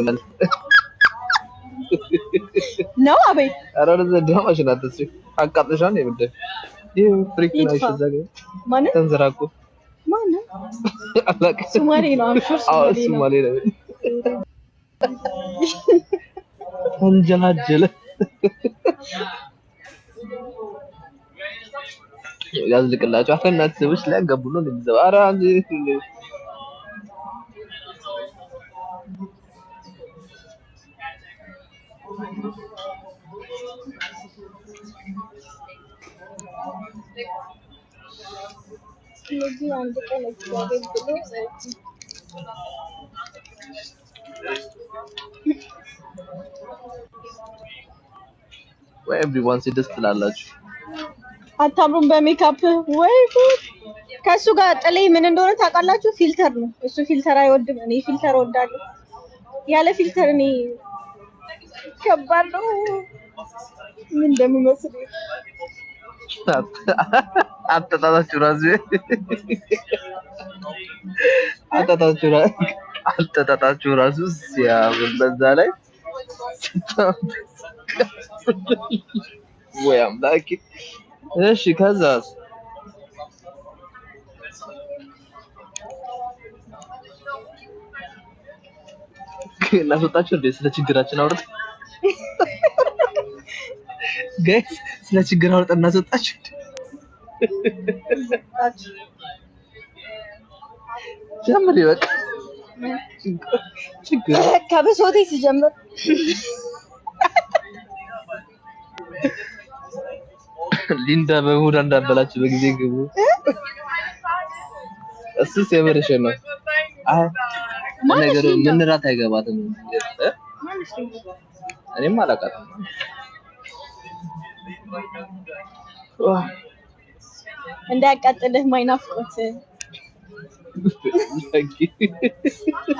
ያመሰግናል ነው። አቤት ኧረ ወደዚያ ድራማሽ ናት እሱ አቃጥሻን ነው የምልህ። ይህ ፍሪክ ነው ይሽዛገ ጋር ተንዘራቁ ማንን አላቀ ሱማሌ ነው አምሹር ሱማሌ ነው ተንጀላጀለ ያዝልቅላቸው አፈናት ሰዎች ሊያጋቡ ነው ለምዘባራ ኧረ አንዴ ስለዚህ አንድ ቀን እግዚአብሔር ብሎ ወይ ኤቭሪዋን ደስ ትላላችሁ። አታምሩም በሜካፕ ወይ ከእሱ ጋር ጥሌ ምን እንደሆነ ታውቃላችሁ? ፊልተር ነው እሱ። ፊልተር አይወድም፣ እኔ ፊልተር እወዳለሁ። ያለ ፊልተር እኔ ከባድ ነው። ምን እንደሚመስል አጣጣታችሁ ራሱ አጣጣታችሁ ራሱ ሲያምር በዛ ላይ ወይ አምላኬ! እሺ ከዛስ እናስወጣችሁ እንዴ? ስለ ችግራችን አውርተን ጋይስ ስለ ችግር አውርጣ እናስወጣችሁ። ጀምር ይበቃ። ከብሶቴ ሲጀምር ሊንዳ በሙዳ እንዳበላችሁ በጊዜ ግቡ። እሱስ የምርሽ ነው። ነገሩ ምን አይገባትም እኔም አላውቃትም። እንዳያቃጥልህ ማይናፍቆት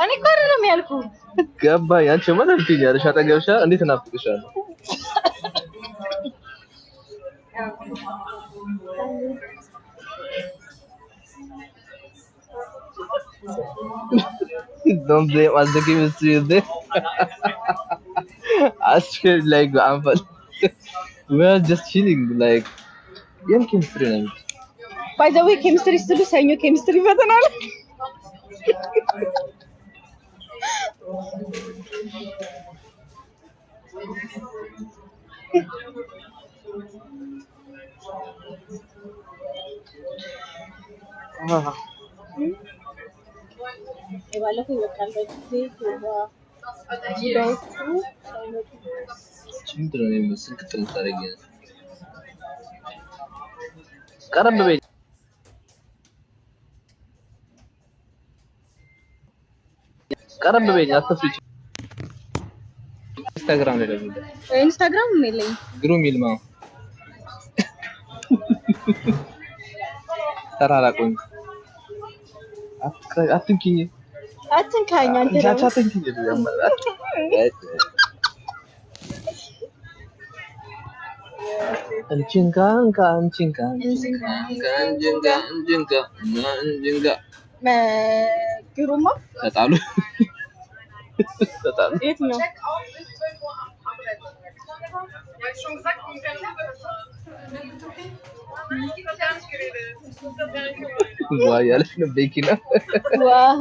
እኔ እኮ አይደለም ያልኩህ። ገባኝ። አንቺ ማለት ትኛለሽ አጠገብሻ እንዴት እናፍቅሻለሁ። ዶንት ዜ I feel like, we are just chilling, like, young chemistry By the way, chemistry is still the same, chemistry, but not. Evaluate the candidate, see who are the best. ምንድነው የምስል ቅጥል ታደርጊ? ቀረብ በይ። ቀረብ በይ። አትፍጭ። ኢንስታግራም ላይ ደግሞ ኢንስታግራም የለኝም። ግሩም ይልማ ተራራቆኝ። አትንኪኝ፣ አትንካኝ አንተ anjing kan anjing kan anjing kan anjing kan anjing kan anjing ke rumah nggak tahu lu tahu itu Wah, ya lebih bekine. Wah.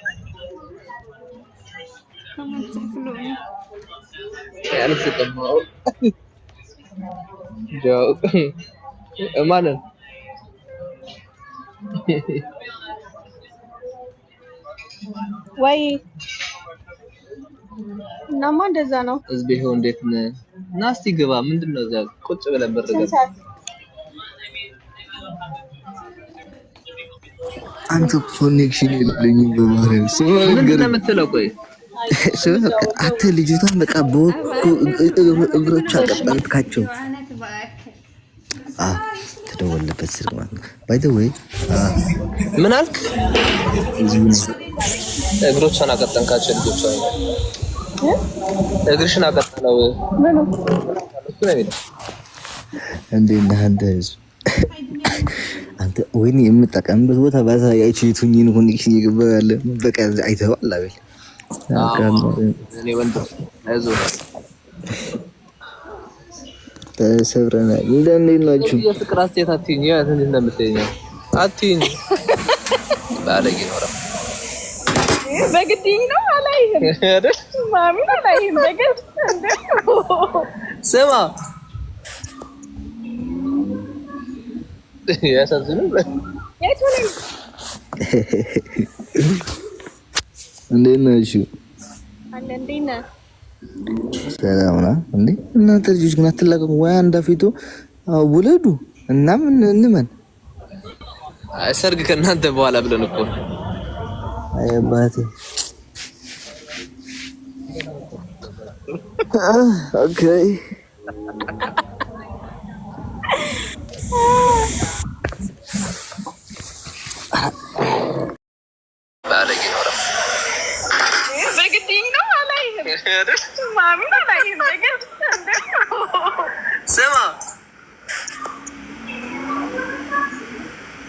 ማንን ወይ እናማ እንደዛ ነው። ህዝብ ይሄው እንዴት ነህ? እና እስቲ ግባ። ምንድን ነው እዛ ቁጭ ብለን ብር ገባ አንተ ኮኔክሽን የለኝም በማርያም ምንድን ነው የምትለው? ቆይ አተ ልጅቷን በቃ በወኩ እግሮቿ አቀጠልካቸው። ተደወለበት ስልክ ማለት ነው። ባይደወይ ምን አልክ? እግሮቿን አቀጠንካቸው ልጆቿ እግርሽን አቀጠለው። እንዴት ነህ አንተ? ወይኔ የምጠቀምበት ቦታ ባሳያችሁ የቱኝን ሁን ይገባል። በቃ አይተኸዋል አቤል ሰብረናል። እንዴት ናችሁ? የፍቅር አስተያየት አትይኝ። እንዴት ነው የምትይኝ? አትይኝ ባለጌ ይኖራል። በግድ ነው አላይህም አይደል? አላይህም በግድ ስማ፣ ያሳዝንም እንዴት ነሽ? ሰላም ነው እንዴ? እናንተ ልጆች ግን አትላቀቁ ወይ? አንዳፊቱ ውለዱ እና ምን እንመን ሰርግ ከእናንተ በኋላ ብለን እኮ አይ አባቴ ኦኬ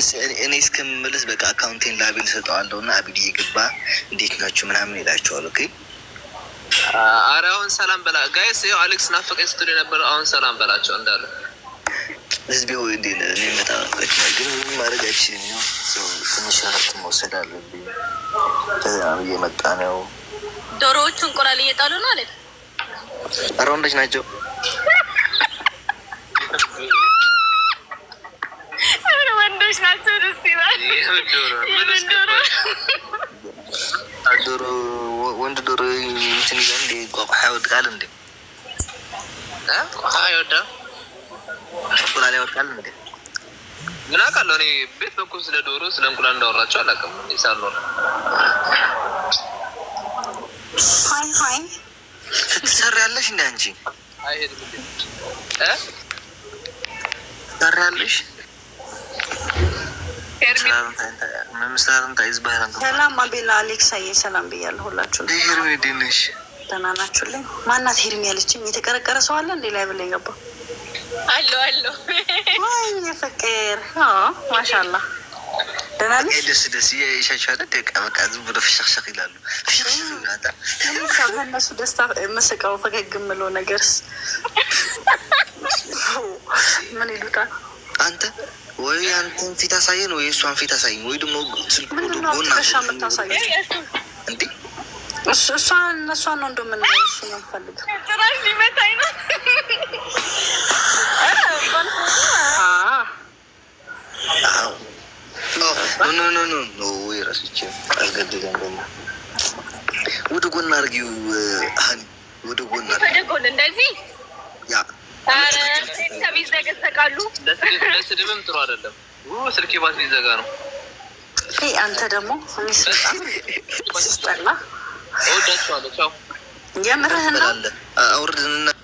እስክመልስ እኔ እስክመልስ በቃ አካውንቴን ለአቤል ሰጠዋለሁ እና አቤል እየገባ እንዴት ናችሁ ምናምን ይላቸዋል። ኦኬ አረ አሁን ሰላም በላ ጋይስ፣ ይኸው አሌክስ ናፈቀኝ ስትል ነበር። አሁን ሰላም በላቸው እንዳለ ህዝቢ ወይ እንዴ እኔ በጣም ግን ማድረጋችን ነው ትንሽ ረት መውሰድ አለብኝ። እየመጣ ነው። ዶሮዎቹ እንቁላል እየጣሉ ነው አለ። አረ ወንዶች ናቸው። ዶሮ ወንድ ዶሮ እንትን ይዘን እንደ ቋቁሓ ይወድቃል እንዴ? ቋቁሓ ይወዳል፣ እንቁላል ይወድቃል እንዴ? ምን አውቃለሁ እኔ ቤት በኩል ስለ ዶሮ ስለ እንቁላል እንዳወራቸው አላውቅም። ሳልኖር ትሰሪ ያለሽ እንደ አንቺ ትሰሪ ያለሽ ሰላም አቤላ፣ አሌክሳዬ ሰላም ብያለሁ ሁላችሁ። ደህና ናችሁልኝ? ማናት ሄርም ያለችኝ? የተቀረቀረ ሰው አለ እንዴ? ላይ ብላ የገባ አለ አለ። ወይኔ ፍቅር! ማሻላ ደስ ደስ እያይሻቸው ደቃ በቃ ዝም ብሎ ፍሽክሽክ ይላሉ። ከእነሱ ደስታ መስቀው ፈገግ የምለው ነገርስ ምን ይሉታል? አንተ ወይ አንተን ፊት አሳየን ወይ እሷን ፊት አሳየን ወይ ደግሞ እሷን እሷን ነው እንደምን ፈልግ ሊመታኝ ወደ ጎን ወደ ጎን እንደዚህ ይዘቀዘቃሉ። ለስድብም ጥሩ አይደለም። ስልኬ ባትሪ ይዘጋ ነው። አንተ ደግሞ ስጠና ወዳቸዋለሁ። ቻው የምርህና አውርድንና